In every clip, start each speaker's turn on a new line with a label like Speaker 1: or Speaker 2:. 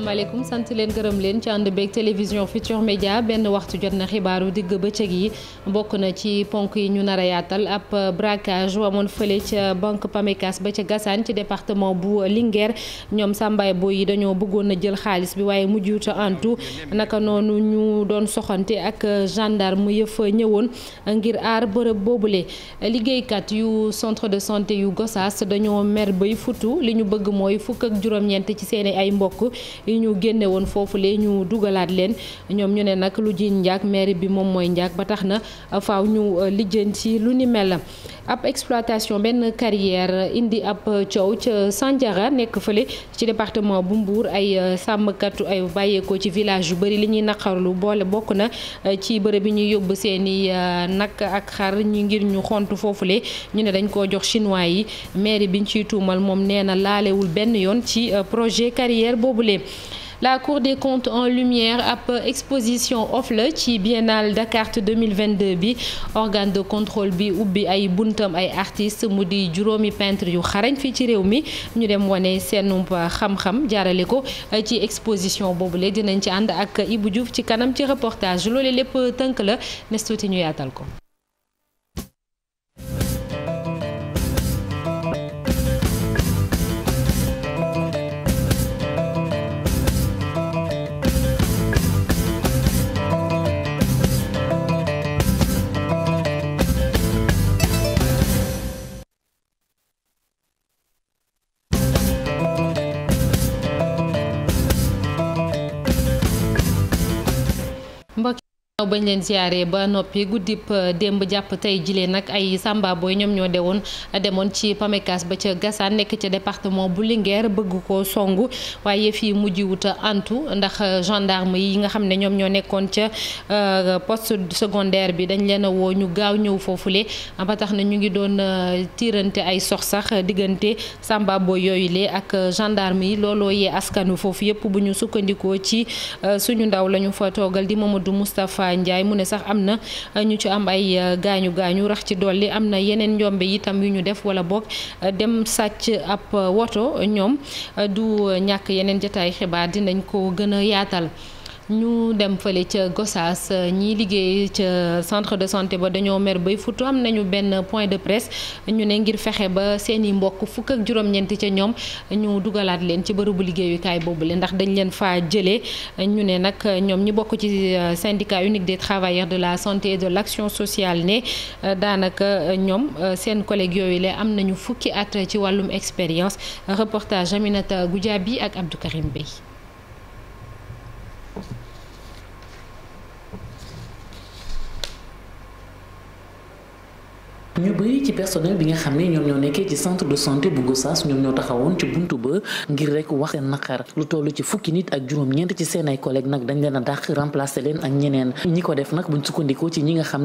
Speaker 1: asalaamaaleykum sant leen gërëm leen ci ànd beeg télévision Futur Média benn waxtu jot na xibaaru digg bëccëg yi bokk na ci ponk yi ñu nar a yaatal ab braquage wamoon fële ca banque Pamecas ba ca Gassane ci département bu Linguère ñoom Sàmbaay Boy yi dañoo bëggoon a jël xaalis bi waaye mujjut a antu naka noonu ñu doon soxante ak gendarme yëf ñëwoon ngir aar bërëb boobule liggéeykat yu centre de santé yu Gossas dañoo mer bay futu li ñu bëgg mooy fukk ak juróom-ñeent ci ay mbokk yi ñu génne woon foofu lee ñu dugalaat leen ñoom ñu ne nag lu ji njaag mairie bi moom mooy njaag ba tax na faaw ñu euh, lijjanti lu ni mel ab exploitation benn carrière indi ab coow ca Sandiara nekk fële ci département bu mbuur ay euh, sàmmkatu ay bàyyeekoo ci village yu bëri li ñuy naqarlu boole bokk na euh, ci bërëb bi ñuy yóbbu seeni nag ak xar ñi ngir ñu xont foofu foofule ñu ne dañ koo jox chinois yi mairie biñ ciy tuumal moom nee na laalewul benn yoon ci projet carrière boobule la cour des comptes en lumière ab exposition off la ci biennale Dakar 2022 bi organe de contrôle bi ubbi ay buntam ay artistes mu di juróomi peintre yu xarañ fii ci réew mi ñu dem wane seen xam-xam jaarale ko ci exposition boobu boobule dinañ ci ànd ak Ibou Diouf ci kanam ci reportage loolu lépp tënk la ne tuuti ñu yaatal ko. bañ leen ziaree ba noppi guddib euh, démb jàpp tey jilee nag ay Samba Boy ñoom ñoo dewoon demoon ci Pamecas ba ca Gassane nekk ca département bu Linguère bëgg koo songu waaye fii mujj wut antu ndax euh, gendarme yi nga xam ne ñoom ñoo nekkoon ca euh, poste secondaire bi dañ leen a woo ñu gaaw ñëw foofu foofule ah, ba tax na ñu ngi doon tiirante ay sox sax diggante Samba Boy yooyu le ak gendarme yi looloo yee askanu foofu yëpp bu ñu sukkandikoo ci suñu ndaw lañu fa njaay mu ne sax am na euh, ñu ci am ay euh, gaañu gaañu rax ci dolli am na yeneen njombe itam yu ñu def wala boog euh, dem sàcc ab woto ñoom du ñàkk yeneen jataay xibaar dinañ ko gën a yaatal. ñu dem fële ca Gossas euh, ñiy liggéey ca centre de santé ba dañoo mer bay futu am nañu benn point de presse ñu ne ngir fexe ba seen i mbokk fukk ak juróom-ñeenti ca ñoom ñu dugalaat leen ci bërëbu liggéeyukaay boobu leen ndax dañ leen faa jëlee ñu ne nag ñoom ñi bokk ci euh, syndicat unique des travailleurs de la santé de l'action sociale ne euh, daanaka ñoom seen collègue yooyu la am nañu fukki at ci wàllum expérience reportage Aminata Goudiaby ak Abdou Karim
Speaker 2: ñu bëri ci personnel bi nga xam ne ñoom ñoo nekkee ci centre de santé bu Gossas ñoom ñoo taxawoon ci buntu ba ngir rek wax seen naqar lu toll ci fukki nit ak juróom-ñeent ci seen ay collègues nag dañ leen a leen ak ñeneen ñi ki nga xam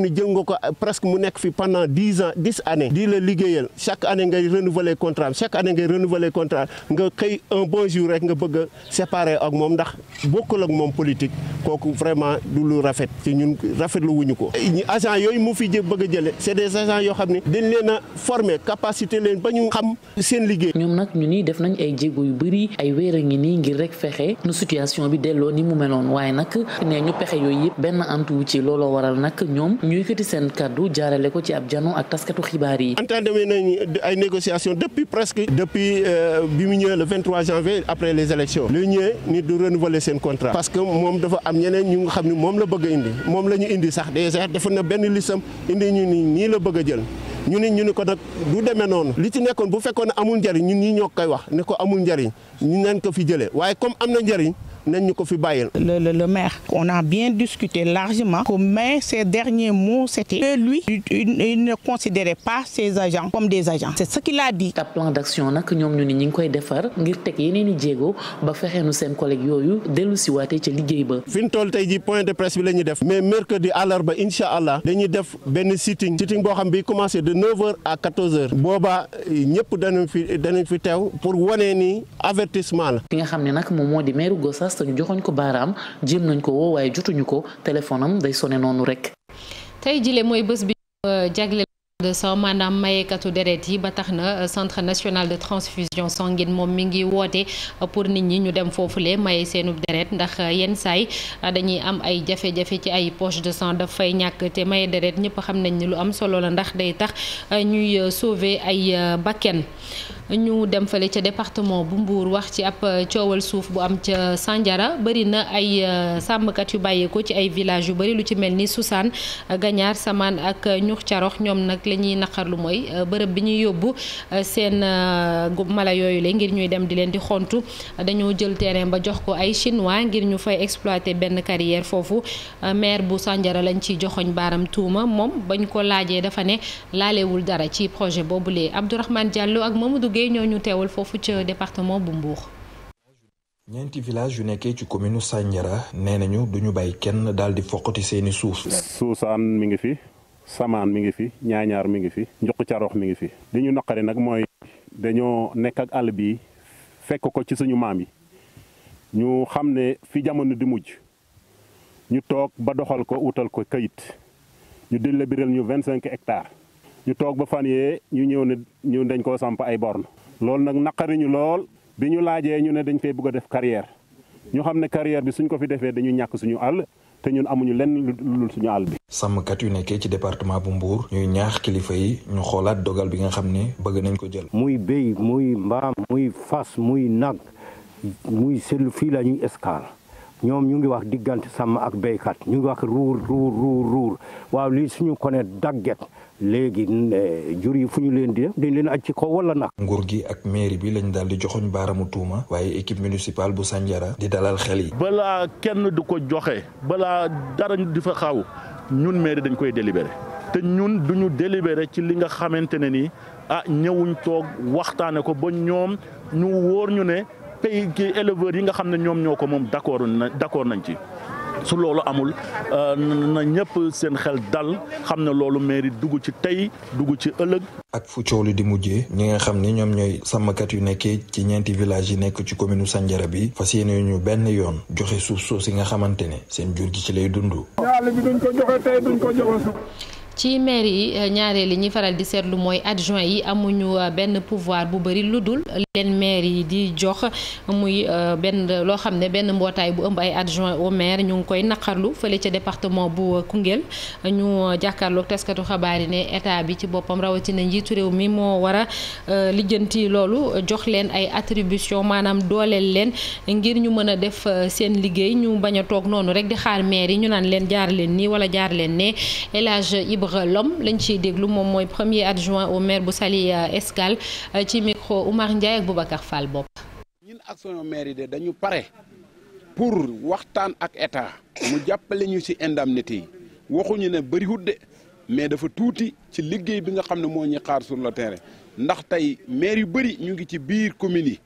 Speaker 3: ne jël nga ko presque mu nekk fi pendant années di la liggéeyal chaque année ngay renouveler contrat chaque année ngay renouveler contrat nga xëy un bon jour rek nga bëgg a séparer ak moom ndax bokkul ak moom politique kooku vraiment du lu rafet ci ñun rafetlu wuñu ko. agent yooyu mu fi jë bëgg a jëlee c'est des agents yoo xam ne dañ leen a former capacité leen ba ñu xam
Speaker 2: seen liggéey. ñoom nag ñu nii def nañ ay jéego yu bëri ay weer a ngi nii ngir rek fexe nu situation bi delloo ni mu meloon waaye nag nee ñu pexe yooyu yëpp benn antu ci looloo waral nag ñoom ñu yëkkati seen kàddu jaarale ko ci ab jano ak taskatu xibaar yi.
Speaker 3: ay négociation depuis presque depuis euh, bi mu ñëwee le 23 janvier après les élections li ñëwee ni du renouveler seen contrat parce que moom dafa am ñeneen ñu nga xam ne moom la bëgg a indi moom la ñu indi sax déjà dafa na benn lisam indi ñu nii nii la bëgg a jël ñu ne ñu ne ko nag du demee noonu li ci nekkoon bu fekkoon ne amul njariñ ñun ñi ñoo koy wax ne ko amul njariñ ñu neen ko fi jëlee waaye comme am na njariñ nañ ñu ko fi bàyyil.
Speaker 2: le le le maire. on a bien discuté largement. mais ces derniers mots c'était que lui il ne considérait pas ses agents agents. c'est ce qu'il a dit. ab plan d'action nag ñoom ñu ni ñu ngi koy defar ngir teg yeneen i jéego ba fexe nu seen collègue yooyu dellu si waatee
Speaker 3: ca liggéey ba. fi ñu toll tey jii point de presse bi lañu ñuy def. mais mercredi àllarba incha allah. dañuy def benn sitting. sitting boo xam bi commencé de 9h à 14 booba boobaa ñëpp danañ fi danañ
Speaker 2: fi teew pour wane ni avertissement la. ki nga xam ne nag moom moo di maire place te ñu joxoñ ko baaraam jéem nañ ko woo waaye jotuñu ko téléphone am day sone noonu rek.
Speaker 1: tey jile mooy bés bi euh, jagleel de sang maanaam mayeekatu deret yi ba tax na euh, centre national de transfusion sanguine moom mi ngi woote euh, pour nit ñi ñu dem foofule maye seenub deret ndax euh, yenn saay dañuy am ay jafe-jafe ci ay poche de sang daf fay ñàkk te maye deret ñëpp xam nañ ni lu am solo la ndax day tax ñuy sauver ay bakken ñu dem fale ca département bu Mbour wax ci ab coowal suuf bu am ca Sandiara bëri na ay sàmmkat yu bàyyeekoo ci ay village yu bëri lu ci mel ni Sousane Samaan ak Ñux la ñuy naqarlu mooy euh, bërëb bi ñuy yóbbu euh, seen euh, mala yooyu le ngir ñuy dem di leen di xontu dañoo jël terrain ba jox ko ay chinois ngir ñu fay exploiter benn carrière foofu maire bu Sandiara lañ ciy joxoñ baaram tuuma moom bañ ko laajee dafa ne laalewul dara ci projet boobu boobulee Abdourahmane Diallo ak moom duggee ñoo ñu teewal foofu ca département bu Mbour.
Speaker 4: ñeenti village yu nekkee ci commune Sandiara
Speaker 3: nee ñu duñu bay kenn daal di foqati seeni suuf. Suusaan mi ngi fi. samaan mi ngi fi ñaañaar mi ngi fi njuq carox mi ngi fi li ñu naqari nag mooy dañoo nekk ak àll bii fekk ko ci suñu maam yi ñu xam ne fi jamono di mujj ñu toog ba doxal ko wutal ko kayit ñu dil la biral ñu vingt cinq hectares ñu toog ba fan yee ñu ñëw ni ñu dañ koo samp ay borne loolu nag naqari ñu lool bi ñu laajee ñu ne dañ fee bëgg def carrière ñu xam ne carrière bi suñ ko fi defee dañu ñàkk suñu àll te ñun amuñu lenn lu suñu àll bi.
Speaker 4: sàmmkat yu nekkee ci département bu Mbour. ñuy ñaax kilifa yi ñu xoolaat dogal bi nga xam ne bëgg nañ ko jël. muy béy muy mbaam muy fas muy nag muy seetlu fii la ñuy escale ñoom ñu ngi wax diggante sàmm ak béykat ñu ngi wax ruur ruur ruur waaw lii suñu ko ne dagget léegi eh, jur yi fu ñu leen di def dañ leen aj ci kaw wala nag nguur gi ak mairie bi lañ daal di joxoñ baaramu tuuma waaye équipe municipale bu Sandiara di dalal xel yi
Speaker 5: balaa kenn du ko joxe balaa dara di fa xaw ñun mairie dañ koy délibéré te ñun duñu délibéré ci li nga xamante ne nii ah ñëwuñ toog waxtaane ko ba ñoom ñu wóor ñu ne pays ki éleveurs yi nga xam ne ñoom ñoo ko moom d'accord na d'accord nañ ci su loolu amul euh, na ñëpp seen xel dal xam ne loolu mairie dugg ci tey dugg ci ëllëg.
Speaker 4: ak fu coow li di mujje ñi nga xam ni ñoom ñooy sàmmkat yu nekkee ci ñeenti village yi nekk ci commune Sandiara bi fas yéene ñu benn yoon joxe suuf suuf si nga xamante ne seen jur gi ci lay dund.
Speaker 1: ci maire yi euh, ñaaree li ñuy faral di seetlu mooy adjoint yi amuñu euh, benn pouvoir bu bëri lu dul leen maire yi di jox muy euh, benn loo xam ne benn mbootaay bu ëmb ay adjoint au maire ñu ngi koy naqarlu fële ca département bu Koungheul ñu jàkkaarloog taskatu xabaar yi ne état bi ci boppam rawatina njiitu réew mi moo war a lijjanti loolu jox leen ay attribution maanaam dooleel leen ngir ñu mën a def seen liggéey ñu bañ a toog noonu rek di xaar maire yi ñu naan leen jaar leen nii wala jaar leen lom euh, l'homme ci déglu moom mooy premier adjoint au maire bu sali euh, Escale euh, ci micro Oumar Ndiaye ak Boubacar Fall bopp
Speaker 6: ñun action maire yi de dañu pare pour waxtaan ak état mu jàppale ñu ci indemnité yi waxuñu ne bëriwut de mais dafa tuuti ci liggéey bi nga xam ne moo ñu xaar sur le terrain ndax tey maire yu bëri ñu ngi ci biir communes yi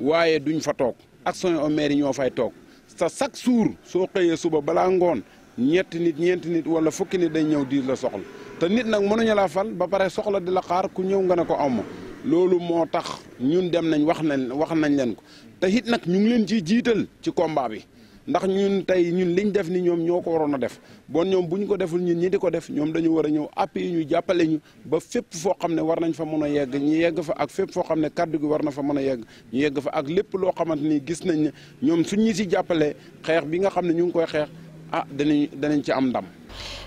Speaker 6: waaye duñ fa toog action maire yi ñoo fay toog sa chaque jour soo xëyee suba balaa ngoon ñetti nit ñeenti nit wala fukki nit day ñëw diir la soxla te nit nag mënuñu laa fal ba pare soxla di la xaar ku ñëw nga ne ko awma loolu moo tax ñun dem nañ wax nañ wax nañ leen ko te it nag ñu ngi leen ci jiital ci combat bi ndax ñun tey ñun liñ def ni ñoom ñoo ko waroon a def bon ñoom bu ñu ko deful ñun ñi di ko def ñoom dañu war a ñëw appui ñu jàppale ñu ba fépp foo xam ne war nañ fa mën a yegg ñu yegg fa ak fépp foo xam ne kaddu gi war na fa mën a yegg ñu yegg fa ak lépp loo xamante ni gis nañ ne ñoom suñ ñi si jàppale xeex bi nga xam ne ñu ngi koy xeex ah danañ danañ ci am ndam.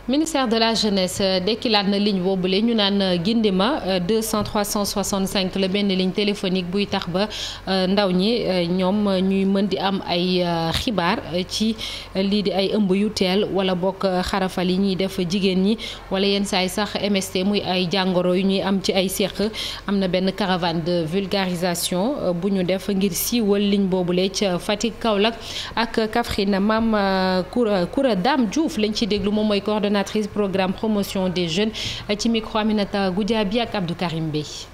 Speaker 1: ministère de la jeunesse euh, dekkilaat na boobu lee ñu naan gindima 200 365 la benn ligne téléphonique buy tax ba euh, ndaw ñi euh, ñoom ñuy mën di am ay xibaar ci lii di ay ëmb yu teel wala bokk xarafal yi ñuy def jigéen ñi wala yenn saay sax MST muy ay jàngoro yu ñuy am ci ay séq am na benn caravane de vulgarisation bu ñu def ngir siiwal ligne boobule ca Fatick Kaolack ak Kaffrine maam Koura Koura Dame juuf lañ ci déglu moom mooy coordonnateur coordonnatrice programme promotion des jeunes ci micro Aminata Goudiaby ak Abdou Karim Bey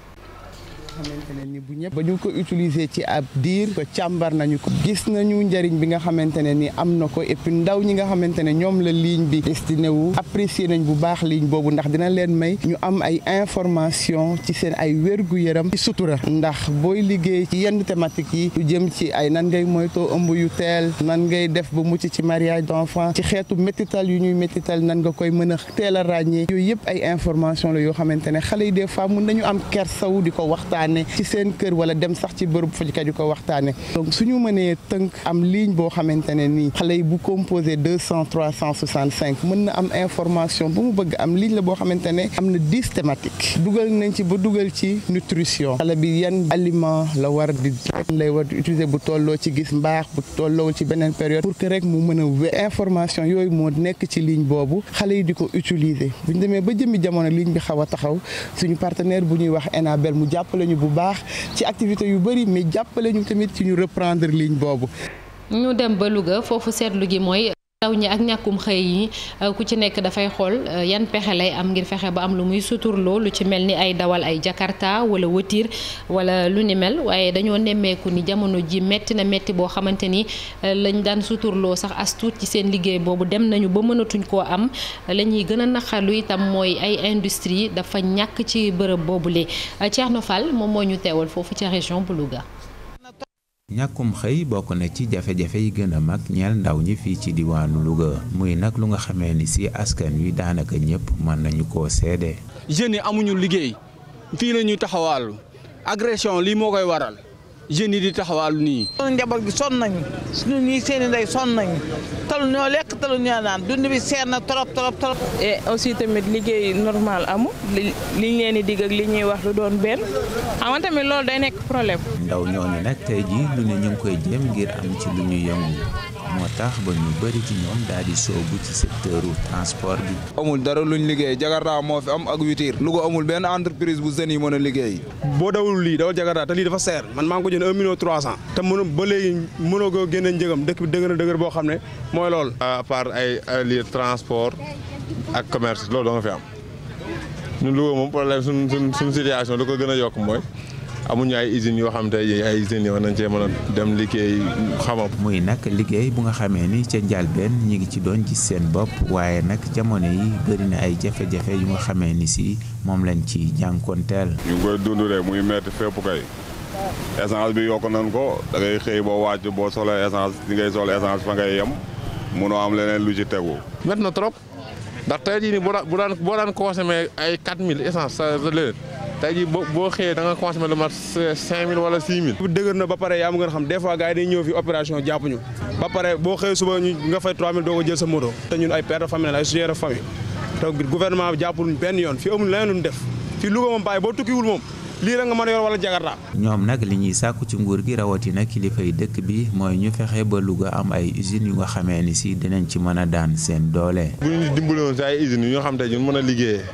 Speaker 7: xamante ne ni bu ñëpp ba ñu ko utiliser ci ab diir ko càmbar nañu ko gis nañu njariñ bi nga xamante ne ni am na ko et ndaw ñi nga xamante ne ñoom la ligne bi destiné wu apprécier nañ bu baax liiñ boobu ndax dina leen may ñu am ay information ci seen ay wergu gu yaram ci sutura ndax booy liggéey ci yenn thématique yi lu jëm ci ay nan ngay moytoo ëmb yu teel nan ngay def ba mucc ci mariage d'enfant ci xeetu métital yu ñuy métital nan nga koy mën a teel a ràññee yooyu waxtaane ci seen kër wala dem sax ci bërëb fajkat yu ko waxtaane donc suñu mënee tënk am ligne boo xamante ne nii xale yi bu composé deux cent trois cent soixante cinq mën na am information bu mu bëgg am ligne la boo xamante ne am na dix thématiques dugal nañ ci ba dugal ci nutrition xale bi yan aliment la war di lay war di utiliser bu tolloo ci gis mbaax bu tolloo ci beneen période pour que rek mu mën a information yooyu moo nekk ci ligne boobu xale yi di ko utiliser buñ ñu ba jëmmi jamono ligne bi xaw a taxaw suñu partenaire bu bu baax ci activités yu bëri mais jàppale ñu tamit ci ñu reprendre ligne boobu.
Speaker 1: ñu dem ba Louga foofu seetlu gi mooy. ndaw ñi ak ñàkkum xëy yi euh, ku ci nekk dafay xool euh, yan pexe lay am ngir fexe ba am lu muy suturloo lu ci mel ni ay dawal ay jakarta wala wëtiir wala lu ni mel waaye dañoo nemmeeku ni jamono ji metti na metti boo xamante ni euh, lañ daan suturloo sax as ci seen liggéey boobu dem nañu ba mënatuñ koo am la ñuy gën a naqarlu itam mooy ay industrie dafa ñàkk ci bërëb boobu Thierno Fall moom moo ñu teewal foofu ci région bu Louga
Speaker 8: ñàkkum xëy bokk na ci jafe-jafe yi gën a mag ñeel ndaw ñi fii ci diwaanu Louga muy nag lu nga xamee ni si askan wi daanaka ñëpp mën nañu ko
Speaker 6: seede. jeunes yi amuñu liggéey fii la ñuy taxawaalu agression lii moo koy waral.
Speaker 2: jeunes yi di taxawaalu nii. sunu njaboot gi sonn nañu sunu nii seen i ndey sonn nañu talu ñoo lekk talu ñoo naan dund bi seer na trop trop trop. et aussi tamit liggéey normal
Speaker 9: amul li liñ leen di digg li ñuy wax lu doon benn xam tamit loolu day nekk problème.
Speaker 8: ndaw ñooñu nag tey jii lu ne ñu ngi koy jéem ngir am ci lu ñuy yëngu. moo tax ba ñu bëri ci ñoom daal di soobu ci secteuru transport bi.
Speaker 10: amul dara luñ liggéey jakarta moo fi am ak witir lu ko amul benn entreprise bu jeunes yi mën a liggéey. boo dawul lii dawal jakarta te lii dafa seer man maa ngi ko jënd un million trois cent. te mënu ba léegi mënoo ko génne njëgam dëkk bi dëgër dëgër boo xam ne
Speaker 6: mooy lool. à part ay lii transport ak commerce loolu da fi am ñun Louga moom problème suñ suñ lu ko gën a yokk mooy. amuñu ay usines yoo xam te ay usines yoo nañ cee mën a dem liggéey xamam. muy nag liggéey bu nga xamee ni ca
Speaker 8: njàlbeen ñi ngi ci doon gis seen bopp waaye nag jamono yi bëri ay jafe-jafe yu nga xamee ni si moom lañ ci jànkoonteel.
Speaker 6: ñu ngi koy dunduree muy metti fépp kay. essence bi yokk nañ ko da ngay xëy boo wàcc boo solo essence li ngay sol essence fa ngay yem munoo am leneen lu ci tegu. met na trop ndax tey jii nii boo daan boo daan ay 4000 essence sa tey jii boo xëyee da nga consommé lu mat 5000 wala
Speaker 10: 6000. bu dëgër na ba pare yaa mu ngeen xam des fois gars yi dañuy ñëw fi opération jàppuñu ba boo xëyee suba ñu nga fay 3000 doo ko jël sa moto te ñun ay père de famille ay suñu de famille donc gouvernement bi jàppaluñ benn yoon fii amul leneen lu ñu def fii Louga moom bàyyi boo tukkiwul moom lii la nga mën a yor wala jagarta
Speaker 8: ñoom nag li ñuy sàkku ci nguur gi rawatina kilifa yi dëkk bi mooy ñu fexe ba Louga am ay usines yu nga xamee ni si dinañ ci mën a daan seen doole.
Speaker 6: bu ñu dimbaliwoon si ay usines yu nga xam te mën a liggéeyee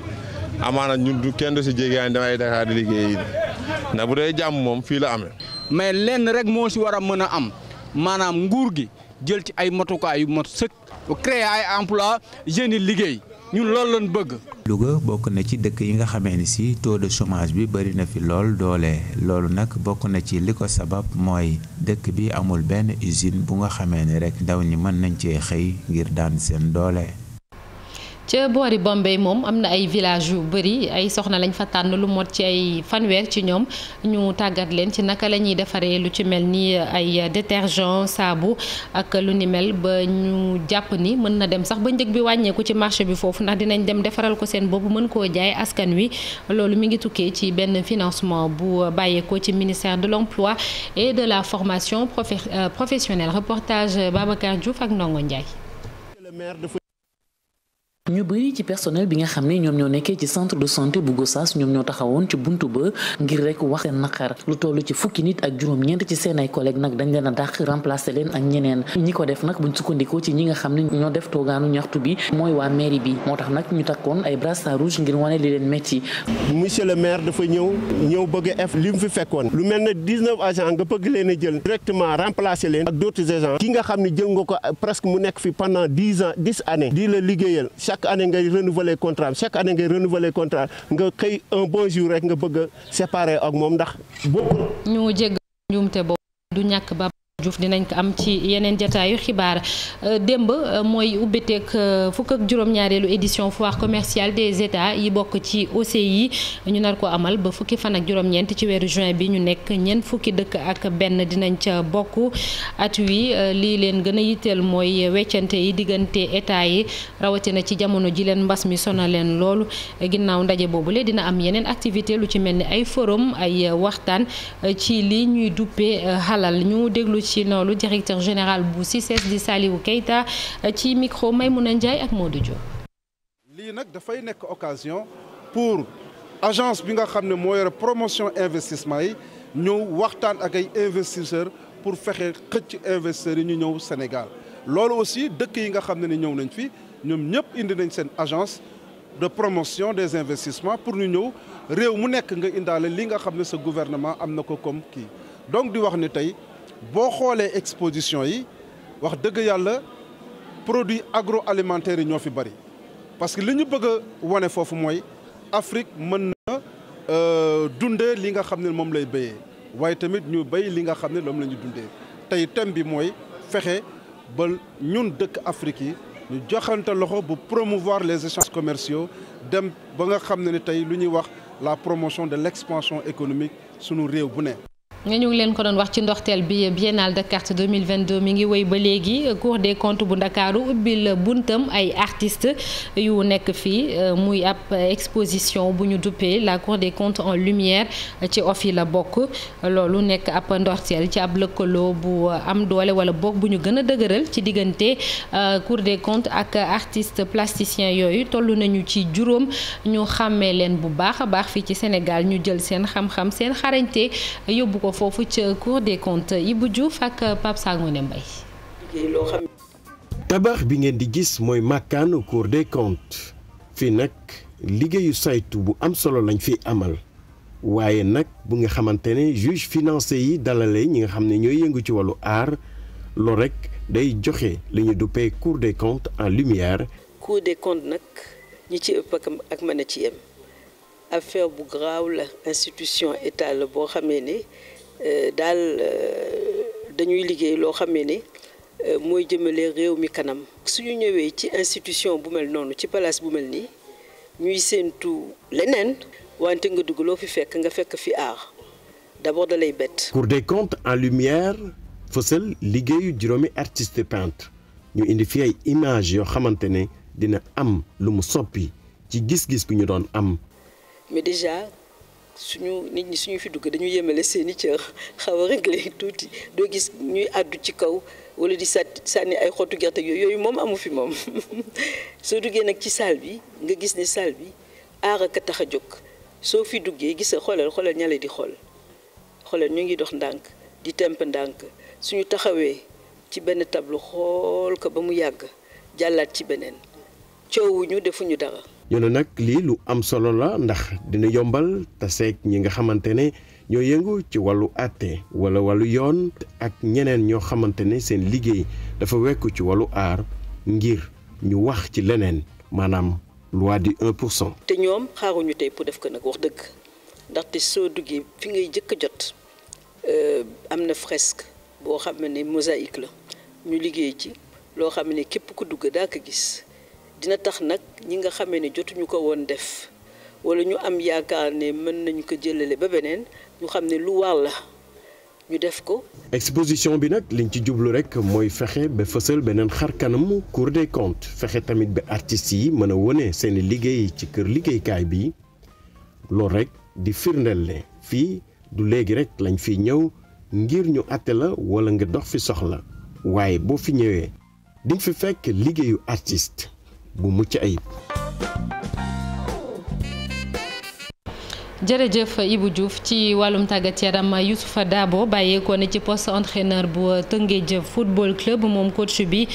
Speaker 6: amaana ñun du kenn du si jéegaan damay Dakar di na bu dee jàmm moom fii la amee. mais lenn rek moo ci war a mën a am maanaam nguur gi jël ci ay matukaay yu mat sëkk. créer ay emploi liggéey ñun loolu lañ bëgg.
Speaker 8: Louga bokk na ci dëkk yi nga xamee ni si taux de chômage bi bari na fi lool doole loolu nag bokk na ci li ko sabab mooy dëkk bi amul benn usine bu nga xamee ni rek ndaw ñi mën nañ cee xëy ngir daan seen doole.
Speaker 1: ca boori bombey moom am na ay village yu bëri ay soxna lañ fa tànn lu mot ci ay fanweer ci ñoom ñu tàggat leen ci naka la ñuy defaree lu ci mel ni ay détergent saabu ak lu ni mel ba ñu jàpp ni mën na dem sax ba njëg bi wàññeeku ci marché bi foofu ndax dinañ dem defaral ko seen bopp mën koo jaay askan wi loolu mi ngi tukkee ci benn financement bu bàyyeekoo ci ministère de l'emploi et de la formation euh, professionnelle reportage Babacar Diouf ak Ndongo Ndiaye.
Speaker 2: ñu bëri ci personnel bi nga xam ne ñoom ñoo nekkee ci centre de santé bu Gossas ñoom ñoo taxawoon ci buntu ba ngir rek wax naqar lu toll ci fukki nit ak juróom-ñeent ci seen ay collègues dañ leen a dàq leen ak ñeneen ñi ko def nag buñ sukkandikoo ci ñi nga xam ne ñoo def toogaanu ñaxtu bi mooy waa mairie bi moo tax nag ñu takkoon ay brassard rouge ngir wane li leen metti
Speaker 3: monsieur le maire dafa ñëw ñëw bëgg a ef li mu fekkoon lu mel ne 19 nga bëgg leen a jël directement remplacer leen ak d'autres nga xam ne jël nga ko presque mu nekk fi pendant 10 ans 10 années chaque année ngay renouveler contrat chaque année ngay renouveler contrat nga xëy un bon jour rek nga bëgg a séparer ak moom ndax boobu.
Speaker 1: ñu jégg njuumte bo du ñàkk ba. Diouf dinañ ko am ci yeneen jataayu xibaar euh, démb euh, mooy ubbiteeg euh, fukk ak juróom-ñaareelu édition foire commerciale des états yi bokk ci yi ñu nar ko amal ba fukki fan ak juróom ci weeru juin bi ñu nekk ñeent fukki dëkk ak benn dinañ ca bokk at wi lii leen gën a yitteel mooy weccante yi diggante état yi rawatina ci jamono ji leen mbas mi sonal leen loolu ginnaaw ndaje boobule dina am yeneen activité lu ci mel ni ay forum ay waxtaan ci lii ñuy duppee xalal ñu déglu ci loolu directeur général bu CICES di Saliou Keita ci micro may Maymouna Ndiaye ak Modou Diop.
Speaker 10: lii nag dafay nekk occasion pour agence bi nga xam ne moo yore promotion investissement yi ñëw waxtaan ak ay investisseurs pour fexe xëcc investisseurs yi ñu ñëw Sénégal loolu aussi dëkk yi nga xam ne ni ñëw nañ fi ñoom ñëpp indi nañ seen agence. de promotion des investissements pour ñu ñëw réew mu nekk nga indaale li nga xam ne sa gouvernement am na ko comme kii donc di wax ne tey boo xoolee exposition yi wax dëgg yàlla produit agro alimentaire yi ñoo fi bari parce que li ñu bëgg a wane foofu mooy Afrique mën na euh, dundee li nga xam ne moom lay béyee waaye tamit ñu béy li nga xam ne moom lañu ñu dundee tey thème bi mooy fexe ba ñun dëkk Afrique yi ñu joxante loxo bu promouvoir les échanges commerciaux dem ba nga xam ne ni tey lu ñuy wax la promotion de l'expansion économique sunu réew bu ne
Speaker 1: nga ngi leen ko doon wax ci ndoxteel bi biennale de carte 2022 mi ngi wéy ba léegi cour des comptes bu ndakaaru ubbil buntam ay artiste yu nekk fii euh, muy ab exposition bu ñu duppee la cour des comptes en lumière ci of yi la bokk loolu nekk ab ndoxteel ci ab lëkkaloo bu am doole wala bokk bu ñu gën a dëgëral ci diggante euh, cour des comptes ak artiste plasticiens yooyu toll nañu ci juróom ñu xàmmee leen bu baax a baax fii ci Sénégal ñu jël seen xam-xam seen xarañte yóbbu ko foofu ca Cour des comptes Ibou Diouf ak Pape Sangone Mbaye
Speaker 4: tabax bi ngeen di gis mooy màkkaanu Cour de comptes fii nag liggéeyu saytu bu am solo lañ fi amal waaye nag bu nga xamante ne juge financé yi dalale ñi nga xam ne ñooy yëngu ci wàllu aar loolu rek day joxe li ñu duppee Cour de comptes en lumière.
Speaker 9: Cour des comptes nag ñi ci ëpp ak mën a ci yem affaire bu graaw la institution état la boo xamee ne. Euh, daal euh, dañuy liggéey loo xam ne ni euh, mooy jëmale réew mi kanam su ñu ñëwee ci institution bu mel noonu ci palaas bu mel nii ñuy séentu leneen wante nga dugg loo fi fekk nga fekk fi aar d'abord da lay bett Cour
Speaker 4: des comptes en lumière fësal liggéeyu juróomi artiste peintre ñu indi fi ay image yoo xamante ne dina am lu mu soppi ci gis-gis bi ñu doon am
Speaker 9: suñu nit ñi suñu fi dugg dañu yemale seeni cër xaw a réglé tuuti doo gis ñuy àddu ci kaw wala di sànni ay xottu gerte yooyu yooyu moom amu fi moom soo duggee nag ci saal bi nga gis ne salle bi aar ak tax a jóg soo fi duggee gis a xoolal xoolal ñale di xool xoolal ñu ngi dox ndànk di temp ndànk suñu taxawee ci benn tableau xool ko ba mu yàgg jàllaat ci beneen coowuñu defuñu dara
Speaker 4: ñu ne nag lii lu am solo la ndax dina yombal taseeg ñi nga xamante ne ñoo yëngu ci wàllu àtte wala wàllu yoon ak ñeneen ñoo xamante ne seen liggéey dafa wekku ci wàllu aar ngir ñu wax ci leneen maanaam loi du 1 pour cent.
Speaker 9: te ñoom xaaruñu tey pour def ko nag wax dëgg ndaxte soo duggee fi ngay jëkk a jot euh, am na fresque boo xam ne mosaïque la ñu liggéey ci loo xam ne képp ku dugg daa ko gis. dina tax nag ñi nga xamee ni jotuñu ko woon def wala ñu am yaakaar ne mën nañu ko jëlale ba beneen ñu xam ne lu war la ñu def ko.
Speaker 4: exposition bi nag liñ ci jublu rek mooy fexe ba fësal beneen xar kanamu Cour des comptes fexe tamit ba artistes yi mën a wone seeni liggéey ci kër liggéeykaay bi loolu rek di firndeel fii du léegi rek lañ fi ñëw ngir ñu àtte la walla nga dox fi soxla waaye boo fi ñëwee diñ fi fekk liggéeyu artist bu mucc ayib.
Speaker 1: jërëjëf Ibou Diouf ci wàllum tàggat yaram Youssoufa Dabo bàyyeekoo na ci poste entraîneur bu Tëngéej football club moom coach bi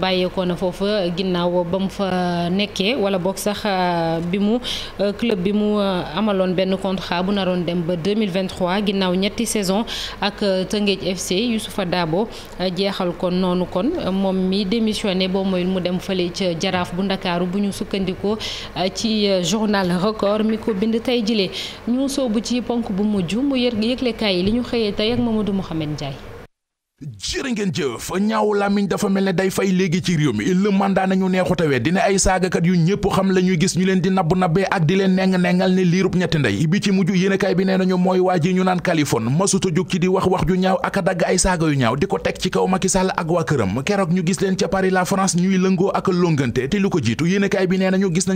Speaker 1: bàyyeekoon na foofa ginnaaw ba mu fa nekkee wala boog sax euh, bi mu euh, club bi mu euh, amaloon benn contrat bu naroon dem ba 2023 ginnaaw ñetti saison ak Tëngéej FC Youssoufa Dabo jeexal kon noonu kon moom mi démissionné boo mooy mu dem fële ci jaraaf bu ndakaaru bu ñu sukkandikoo ci journal record mi ko bind tey jilee ñu soobu ci ponk bu mujj mu yëg yëglekaay yi li ñu xëyee tey ak Mamadou Mouhamed Ndiaye
Speaker 5: jërë ngeen jëf ñaaw làmmiñ dafa mel ne day fay léegi ci réew mi le mandat nañu neexutawee dina ay saagakat yu ñëpp xam la gis ñu leen di nabb nabbee ak di leen nengal ne liirub ñetti ndey bi ci mujj yéenekaay bi nee nañu mooy waa ji ñu naan Kalifone masuta jóg ci di wax wax ju ñaaw ak a dagg ay saaga yu ñaaw di ko teg ci kaw Macky ak waa keroog ñu gis leen ca Paris la France ñuy lëngoo ak longante te lu ko jiitu yéenekaay bi nee nañu gis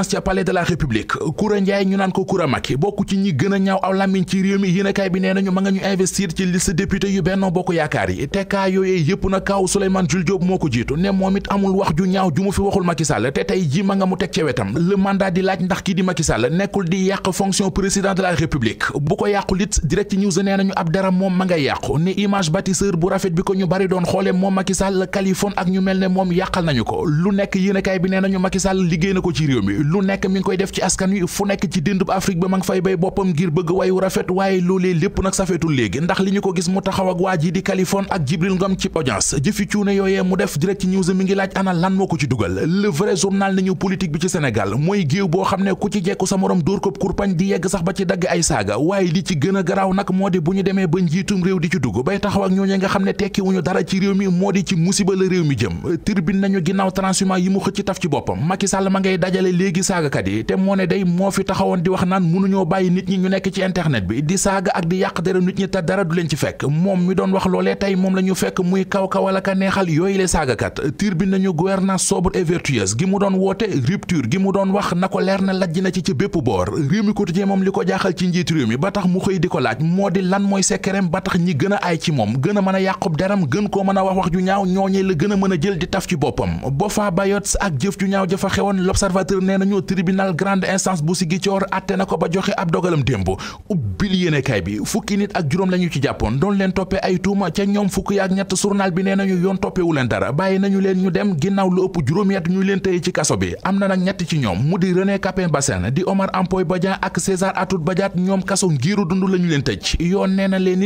Speaker 5: audience ca palais de la république Koura Ndiaye ñu naan ko Koura Macky bokk ci ñi gën a ñaaw aw làmmiñ ci réew mi yéenekaay bi nee nañu ma nga ñu investir ci liste député yu Benno Bokk Yaakaar yi te kaa yooyee yëpp na kaaw Souleymane Jules Diop moo ko jiitu moom it amul wax ju bi ko doon xoole moom Macky Sall kalifon ak ñu mel ne moom yàqal nañu ko lu nekk yéenekaay bi nee nañu Macky Sall liggéey na ko ci réew mi lu nekk mi ngi koy def ci askan wi fu nekk ci dindub Afrique ba ma ngi fay bay boppam ngir bëgg wayu rafet waaye loolee lépp nag safeetul léegi ndax li ñu ko gis mu taxaw ak waa ji di kalifon ak Jibril Ngom ci audience jëfi cuune yooyee mu def direct ci news mi ngi laaj ana lan moo ko ci dugal le vrai journal nañu politique bi ci Sénégal mooy géew boo xam ne ku ci jekku sa morom dóor ko kurpañ di yegg sax ba ci dagg ay saaga waaye li ci gën a nag moo di bu ñu demee ba njiitum réew di ci dugg bay taxaw ak ñooñu nga xam ne tekki dara ci réew mi moo di ci musiba la réew mi jëm turbine nañu ginnaaw transhumant yi mu xëcc taf ci boppam Macky Sall ma ngay léegi saagakat yi te moo ne day moo fi taxawoon di la ñu fekk muy kaw kawala ka neexal yooyu le saagakat gi mu doon woote rupture gi mu doon wax na ko leer na lajj na ci ci bépp boor réew mi quotidien moom li ko jaaxal ci njiit réew mi ba tax mu xëy di ko laaj moo di lan mooy sekkereem ba tax ñi gën a ay ci moom gën a mën a yàqub deram gën koo mën a wax wax ju ñaaw ñooñee la gën a mën a jël di taf ci boppam bofa bayots ak jëf ju ñaaw jafa xewoon l'observateur nee nañu tribunal grande instance bu Ziguinchor atte na ko ba joxe ab dogalam démb ubbil yéenekaay bi fukki nit ak juróom la ci jàppoon doon leen toppee ay tuuma ca ñoom fukki ak ñett journal bi nee nañu yoon toppewu dara bàyyi nañu leen ñu dem ginnaaw lu ëpp juróomi at ñu leen tëye ci kaso bi am na nag ñett ci ñoom mu di René Capain Bassène di Omar Ampoy Badian ak César Atoute Badiate ñoom kaso ngiiru dund la leen tëj yoon nee na leen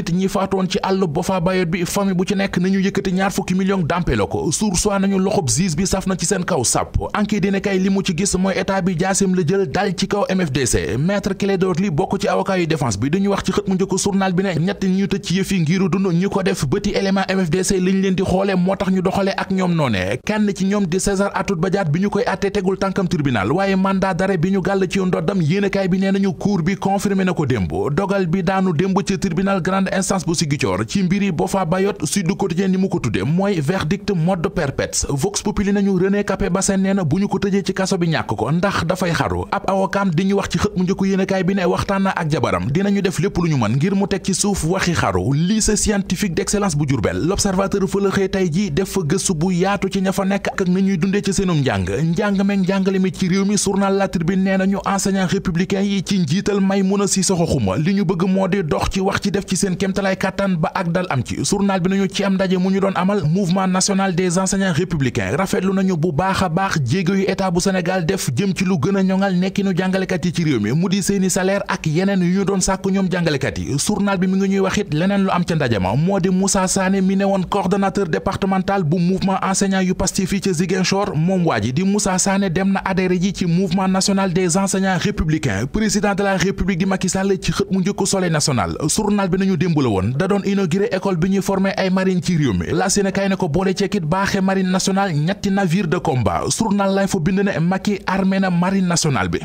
Speaker 5: état bi jaasim la jël dal ci kaw MFDC maître Clédor Ly bokk ci avocat yu défense bi dañu wax ci xët mu njëkk bi ne ñett ñu tëj ci yëf yi ngiru dund ñu ko def bëti élément MFDC liñ leen di xoole moo tax ñu doxale ak ñoom noone kenn ci ñoom di César Atoute Badiate bi ñu koy àtte tegul tànkam tribunal waaye mandat d'arrêt bi ñu gàll ci ndoddam yéenekaay bi ne nañu cour bi confirmé na ko démb dogal bi daanu démb ci tribunal grande instance bu Ziguinchor ci mbiri Boffa Bayotte Sud Quotidien ni mu ko tudde mooy verdict mode perpète Vox Populi nañu René Capé nee na bu ñu ko tëjee ci kaso bi ñàkk ko ndax dafay xaru ab awokaam di ñu wax ci xët mu njëkku yéenekaay bi ne waxtaan ak jabaram dinañu def lépp lu ñu man ngir mu teg ci suuf waxi xaru lycée scientifique d'excellence bu Diourbel l'observateur fa la xëy tey ji def fa gëstu bu yaatu ci ña fa nekk ak ni ñuy dundee ci seenum njàng njàng meeg njàngale mi ci réew mi journal La bi nee nañu enseignant républicain yi ci njiital si Sissoko Khouma li ñu bëgg moo di dox ci wax ci def ci seen kéemtalaay kàttan ba ak dal am ci journal bi nañu ci am ndaje mu ñu doon amal mouvement national des enseignants républicains rafetlu nañu bu baax a baax jéego état bu Sénégal def nekkinu jàngalekat ci réew mi mu di seeni salaire ak yeneen yu ñu doon sàkk ñoom jàngalekat yi bi mi ngi ñuy waxit leneen lu am ca ndajama moo di Moussa Sané mi ne woon coordonnateur départemental bu mouvement enseignant yu Pastef ca Ziguinchor moom waa ji di Moussa Sané dem na adhéré ji ci mouvement national des enseignants républicains président de la république di Macky Sall ci xët mu njëkk soleil national journal bi nañu démb woon da doon inauguré formé na marine nationale bi.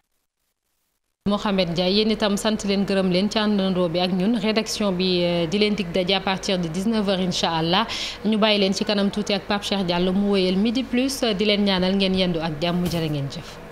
Speaker 1: Mohamed Ndiaye yéen itam sant leen gërëm leen ci àndandoo bi ak ñun rédaction bi euh, di leen dig daje à partir de 19h incha allah ñu bàyyi leen ci kanam tuuti ak Pape Cheikh Diallo mu wéyal midi plus di leen ñaanal ngeen yendu ak jàmm jërë ngeen jëf.